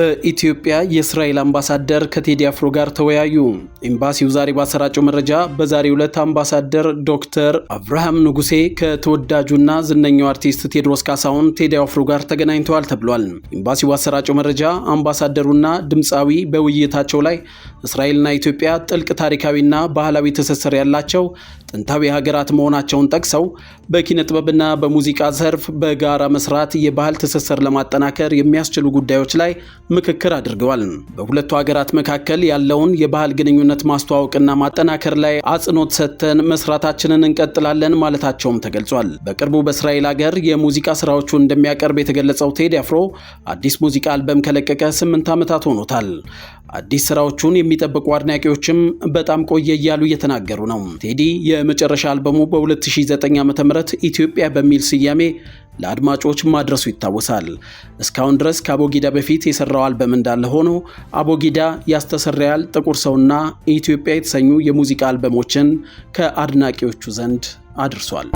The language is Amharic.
በኢትዮጵያ የእስራኤል አምባሳደር ከቴዲ አፍሮ ጋር ተወያዩ። ኤምባሲው ዛሬ ባሰራጨው መረጃ በዛሬው ዕለት አምባሳደር ዶክተር አብርሃም ንጉሴ ከተወዳጁና ዝነኛው አርቲስት ቴዎድሮስ ካሳሁን ቴዲ አፍሮ ጋር ተገናኝተዋል ተብሏል። ኤምባሲው ባሰራጨው መረጃ አምባሳደሩና ድምፃዊ በውይይታቸው ላይ እስራኤልና ኢትዮጵያ ጥልቅ ታሪካዊና ባህላዊ ትስስር ያላቸው ጥንታዊ ሀገራት መሆናቸውን ጠቅሰው በኪነ ጥበብና በሙዚቃ ዘርፍ በጋራ መስራት የባህል ትስስር ለማጠናከር የሚያስችሉ ጉዳዮች ላይ ምክክር አድርገዋል። በሁለቱ ሀገራት መካከል ያለውን የባህል ግንኙነት ማስተዋወቅና ማጠናከር ላይ አጽንኦት ሰጥተን መስራታችንን እንቀጥላለን ማለታቸውም ተገልጿል። በቅርቡ በእስራኤል ሀገር የሙዚቃ ስራዎቹ እንደሚያቀርብ የተገለጸው ቴዲ አፍሮ አዲስ ሙዚቃ አልበም ከለቀቀ ስምንት ዓመታት ሆኖታል። አዲስ ስራዎቹን የሚጠብቁ አድናቂዎችም በጣም ቆየ እያሉ እየተናገሩ ነው። ቴዲ የመጨረሻ አልበሙ በ2009 ዓ ም ኢትዮጵያ በሚል ስያሜ ለአድማጮች ማድረሱ ይታወሳል። እስካሁን ድረስ ከአቦጊዳ በፊት የሰራው አልበም እንዳለ ሆኖ አቦጊዳ፣ ያስተሰርያል፣ ጥቁር ሰውና ኢትዮጵያ የተሰኙ የሙዚቃ አልበሞችን ከአድናቂዎቹ ዘንድ አድርሷል።